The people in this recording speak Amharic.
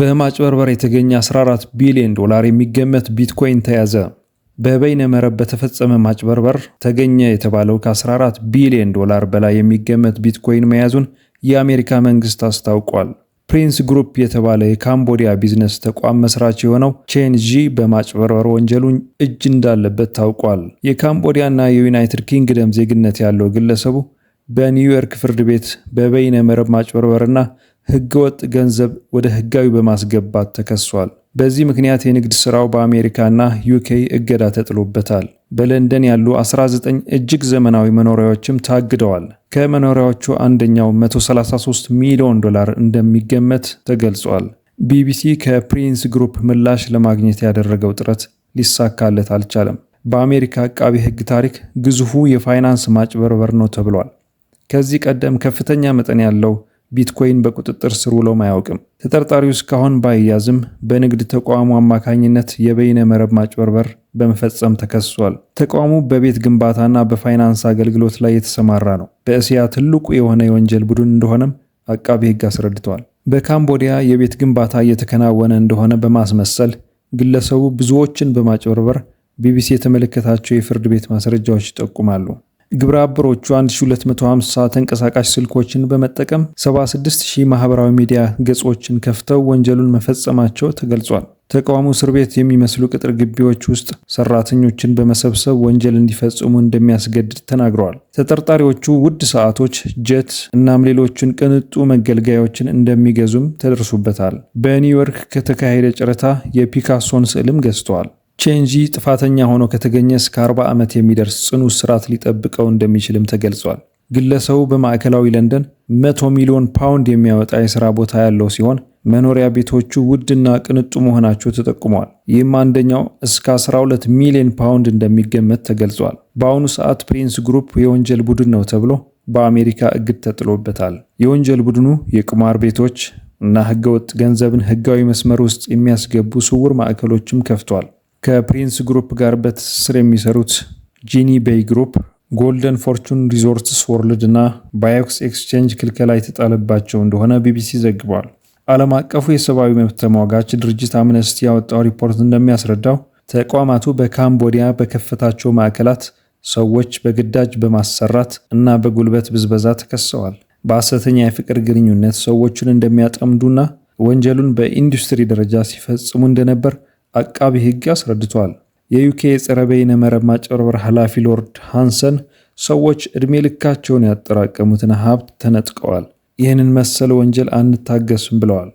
በማጭበርበር የተገኘ 14 ቢሊዮን ዶላር የሚገመት ቢትኮይን ተያዘ። በበይነ መረብ በተፈጸመ ማጭበርበር ተገኘ የተባለው ከ14 ቢሊዮን ዶላር በላይ የሚገመት ቢትኮይን መያዙን የአሜሪካ መንግስት አስታውቋል። ፕሪንስ ግሩፕ የተባለ የካምቦዲያ ቢዝነስ ተቋም መስራች የሆነው ቼን ዢ በማጭበርበር ወንጀሉን እጅ እንዳለበት ታውቋል። የካምቦዲያና የዩናይትድ ኪንግደም ዜግነት ያለው ግለሰቡ በኒውዮርክ ፍርድ ቤት በበይነ መረብ ማጭበርበርና ህገወጥ ገንዘብ ወደ ህጋዊ በማስገባት ተከሷል። በዚህ ምክንያት የንግድ ሥራው በአሜሪካና ዩኬ እገዳ ተጥሎበታል። በለንደን ያሉ 19 እጅግ ዘመናዊ መኖሪያዎችም ታግደዋል። ከመኖሪያዎቹ አንደኛው 133 ሚሊዮን ዶላር እንደሚገመት ተገልጿል። ቢቢሲ ከፕሪንስ ግሩፕ ምላሽ ለማግኘት ያደረገው ጥረት ሊሳካለት አልቻለም። በአሜሪካ አቃቢ ህግ ታሪክ ግዙፉ የፋይናንስ ማጭበርበር ነው ተብሏል። ከዚህ ቀደም ከፍተኛ መጠን ያለው ቢትኮይን በቁጥጥር ስር ውሎም አያውቅም። ተጠርጣሪው እስካሁን ባይያዝም በንግድ ተቋሙ አማካኝነት የበይነ መረብ ማጭበርበር በመፈጸም ተከስሷል። ተቋሙ በቤት ግንባታና በፋይናንስ አገልግሎት ላይ የተሰማራ ነው። በእስያ ትልቁ የሆነ የወንጀል ቡድን እንደሆነም አቃቢ ሕግ አስረድተዋል። በካምቦዲያ የቤት ግንባታ እየተከናወነ እንደሆነ በማስመሰል ግለሰቡ ብዙዎችን በማጭበርበር ቢቢሲ የተመለከታቸው የፍርድ ቤት ማስረጃዎች ይጠቁማሉ። ግብረ አበሮቹ 1250 ተንቀሳቃሽ ስልኮችን በመጠቀም 76000 ማህበራዊ ሚዲያ ገጾችን ከፍተው ወንጀሉን መፈጸማቸው ተገልጿል። ተቃውሞ እስር ቤት የሚመስሉ ቅጥር ግቢዎች ውስጥ ሰራተኞችን በመሰብሰብ ወንጀል እንዲፈጽሙ እንደሚያስገድድ ተናግረዋል። ተጠርጣሪዎቹ ውድ ሰዓቶች፣ ጀት እናም ሌሎችን ቅንጡ መገልገያዎችን እንደሚገዙም ተደርሱበታል። በኒውዮርክ ከተካሄደ ጨረታ የፒካሶን ስዕልም ገዝተዋል። ቼንጂ ጥፋተኛ ሆኖ ከተገኘ እስከ 40 ዓመት የሚደርስ ጽኑ እስራት ሊጠብቀው እንደሚችልም ተገልጿል። ግለሰቡ በማዕከላዊ ለንደን 100 ሚሊዮን ፓውንድ የሚያወጣ የሥራ ቦታ ያለው ሲሆን መኖሪያ ቤቶቹ ውድና ቅንጡ መሆናቸው ተጠቁመዋል። ይህም አንደኛው እስከ 12 ሚሊዮን ፓውንድ እንደሚገመት ተገልጿል። በአሁኑ ሰዓት ፕሪንስ ግሩፕ የወንጀል ቡድን ነው ተብሎ በአሜሪካ እግድ ተጥሎበታል። የወንጀል ቡድኑ የቁማር ቤቶች እና ህገወጥ ገንዘብን ህጋዊ መስመር ውስጥ የሚያስገቡ ስውር ማዕከሎችም ከፍቷል። ከፕሪንስ ግሩፕ ጋር በትስስር የሚሰሩት ጂኒ ቤይ ግሩፕ፣ ጎልደን ፎርቹን ሪዞርትስ ወርልድ እና ባዮክስ ኤክስቼንጅ ክልከላ የተጣለባቸው እንደሆነ ቢቢሲ ዘግቧል። ዓለም አቀፉ የሰብአዊ መብት ተሟጋች ድርጅት አምነስቲ ያወጣው ሪፖርት እንደሚያስረዳው ተቋማቱ በካምቦዲያ በከፈታቸው ማዕከላት ሰዎች በግዳጅ በማሰራት እና በጉልበት ብዝበዛ ተከሰዋል። በሐሰተኛ የፍቅር ግንኙነት ሰዎችን እንደሚያጠምዱና ወንጀሉን በኢንዱስትሪ ደረጃ ሲፈጽሙ እንደነበር አቃቢ ሕግ አስረድቷል። የዩኬ የጸረ በይነ መረብ ማጭበርበር ኃላፊ ሎርድ ሃንሰን ሰዎች ዕድሜ ልካቸውን ያጠራቀሙትን ሀብት ተነጥቀዋል፣ ይህንን መሰል ወንጀል አንታገስም ብለዋል።